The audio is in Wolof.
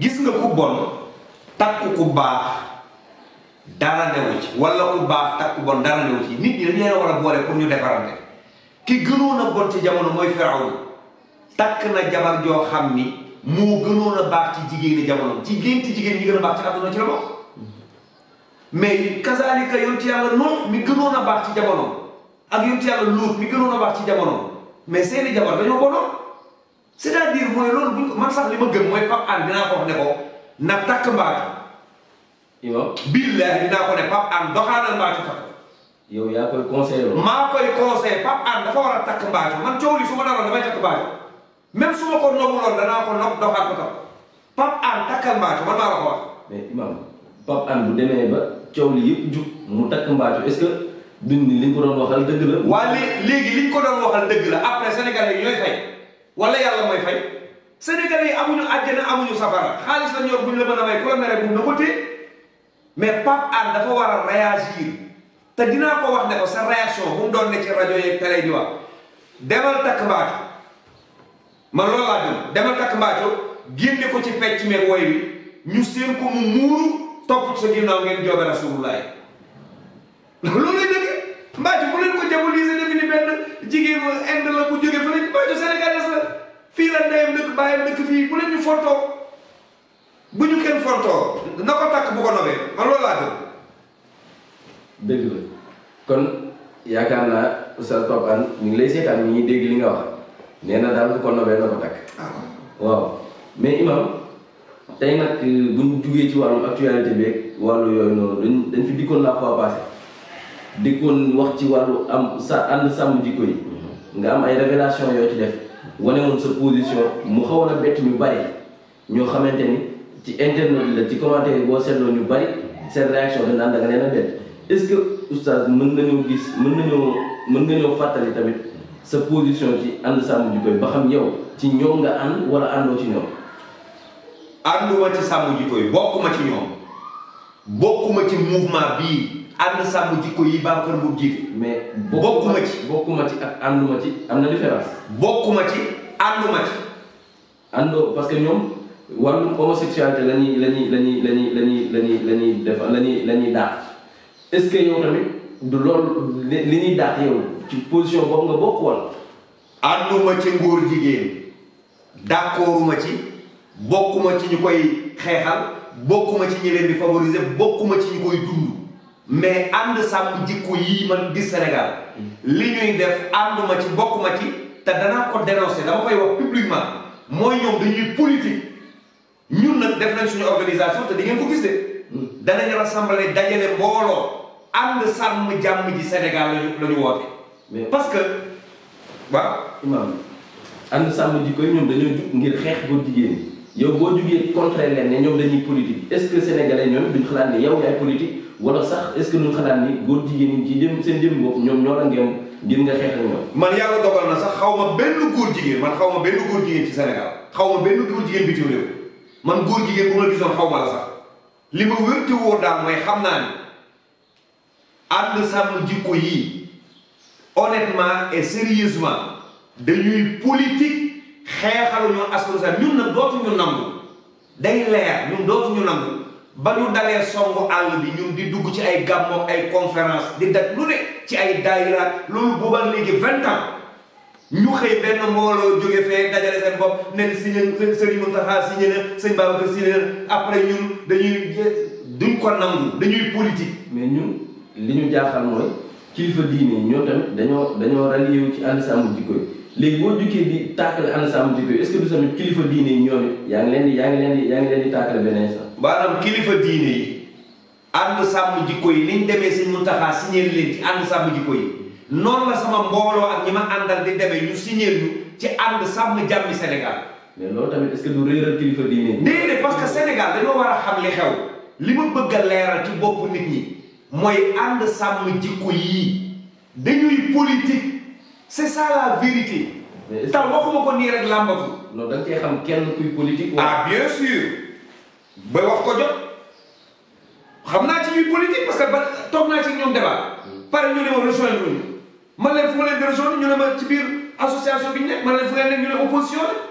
gis nga ko bon takk ku baax dara newu ci wala ku baax takk ku bon dara newu ci nit ñi dañ leen war a boole pour ñu defarante ki gënoon a bon ci jamono mooy Firawna takk na jabar joo xam ni moo gënoon a baax ci jigéen jamono jigéen ci jigéen ñi gën a baax ci àdduna ci la bokk mais kazalika yoon ci yàlla noonu mi gënoon a baax ci jamono ak yoon ci yàlla luut mi a baax ci jamono mais seeni jabar dañoo bonoon c'est-à-dire mooy loolu bu ñu ko man sax li ma gëm mooy Pape Hann dinaa ko wax ne takk mbaatu. billahi dinaa ko ne Pape Hann takk. yow a man coow li su ma naroon damay takk mbaatu même su takk Pape Hann takkal mbaatu man maa ko wax. mais imam li yëpp waa léegi liñ ko doon waxal dëgg la après sénégalais yi ñooy fay. wala yàlla mooy fay sénégalais yi amuñu àjjana amuñu safara xaalis la ñor bu ñu la mën a may ku la mere na ko téye mais Pape Hann dafa war a réagir te dinaa ko wax ne ko sa réaction bu mu doon ne ci rajo yeeg télé di wax demal takk mbaatu man loolu laa gëm demal takk mbaatu génne ko ci pecc meeg bi ñu séen ko mu sa ni benn jigéen inde la bu jógee fële mbaatu sénégalais la fii la ndeyam dëkk bàyyam dëkk fii bu leen ñu fontoo bu ñu kenn fontoo na ko takk bu ko nobee man loolu laa dëgg kon yaakaar naa oustaz Pape Hann ñu ngi lay seetaan ñu ngi dégg li nga wax nee na daal bu ko nobee na ko takk. Ah. waaw mais imam tey nag euh, bu ñu ci wàllu actualité beeg wàllu yooyu noonu dañ dañ fi dikkoon la fois passée dikkoon wax ci wàllu am sa ànd sàmm jikko yi mm-hmm. nga am ay révélation yoo ci def. wane woon sa position mu xaw a bett ñu bari ñoo xamante ni ci internet la ci commentaire boo seetloo ñu bari seen réaction dañ naan da a bett est-ce que oustaz mën nañoo gis mën nañoo mën nañoo fàttali tamit sa position ci ànd sàmm jikko yi ba xam yow ci ñoom nga ànd wala àndoo ci ñoom. ànduma ci sàmm jikko yi bokkuma ci ñoom bokkuma ci mouvement bii. ànd sàmm jikko yi Babacar Mbour jiite. mais bokkuma ci bokkuma ci ak ànduma ci am na différence. bokkuma ci ànduma ci. àndoo parce que ñoom wàllum homosexualité la ñuy la ñuy la ñuy la la ñuy la ñuy la ñuy def la ñuy la est-ce que yow tamit du loolu li ñuy daax yow ci position bokk wala. ànduma bokkuma ci ñu koy xeexal bokkuma ci ñi leen di favoriser bokkuma ci ñu koy dund. mais ànd sàmm jikko yii man di Sénégal li ñuy def ànd ma ci bokk ma ci te danaa ko dénoncer dama koy wax publiquement mooy ñoom dañuy politique ñun nag def nañ suñu organisation te di ngeen ko gis de danañ rassembler dajale mbooloo ànd sàmm jàmm ji Sénégal lañu la ñu woote parce que waaw imaam ànd sàmm jikko yi ñoom dañoo jug ngir xeex góor jigéen ñi yow boo jugee contraire leen ne ñoom dañuy politique est-ce que sénégalais ñoom duñ xalaat ne yow yaay politique wala sax est-ce que duñ xalaat ni góor jigéen ñi ci jëm seen jëm bopp ñoom ñoo la ngeen ngir nga xeex ak man yàlla dogal na sax xaw ma benn góor jigéen man xaw ma benn góor jigéen ci Sénégal xaw ma benn góor jigéen bitim réew man góor jigéen bu ma gisoon xaw ma la sax li ma wér te wóor mooy xam naa ni ànd sàmm jikko yii honnêtement et sérieusement dañuy xeexalu ñoo askanu sa ñun nag dootuñu nangu day leer ñun dootuñu nangu ba ñu dalee songu àll bi ñun di dugg ci ay gàmmoo ay conférence di daj lu ne ci ay daayira loolu boobal léegi vingt ans ñu xëy benn mbooloo jóge fee dajale seen bopp nen signé sëriñ Mountakha signé na sëñ Babacar signé après ñun dañuy duñ ko nangu dañuy politique mais ñun li ñu jaaxal mooy kilifa diine ñoo tamit dañoo dañoo rallié ci ànd sa amul jikko yi léegi boo jukkee di tàkkale ana sàmm jikko yi est-ce que du tamit kilifa diine yi ñoom it yaa ngi leen di yaa ngi leen di yaa ngi beneen sax maanaam kilifa diine yi ànd sàmm jikko yi liñ demee sëñ Muntaxa signéer leen ci ànd sàmm jikko yi noonu la sama mbooloo ak ñi ma àndal di demee ñu signéer ñu ci ànd sàmm jàmmi senegal mais loolu tamit est-ce que kilifa diine déedéet parce que Sénégal dañoo war a xam li xew li ma bëgg leeral ci bopp nit ñi mooy ànd sàm jikko yi c'est ça la vérité. mais est waxuma ko nii rek làmbatu. non da nga cee xam kenn kuy politique. ah bien sûr. ba wax ko jot. xam naa ci ñuy politique parce que ba toog naa ci ñoom débat. Hmm. pare ñu ne ma rejoindre ñu. man leen fu ma leen di rejoindre ñu ne ma ci biir association bi ñu nekk man leen fu leen nekk ñu ne opposition la.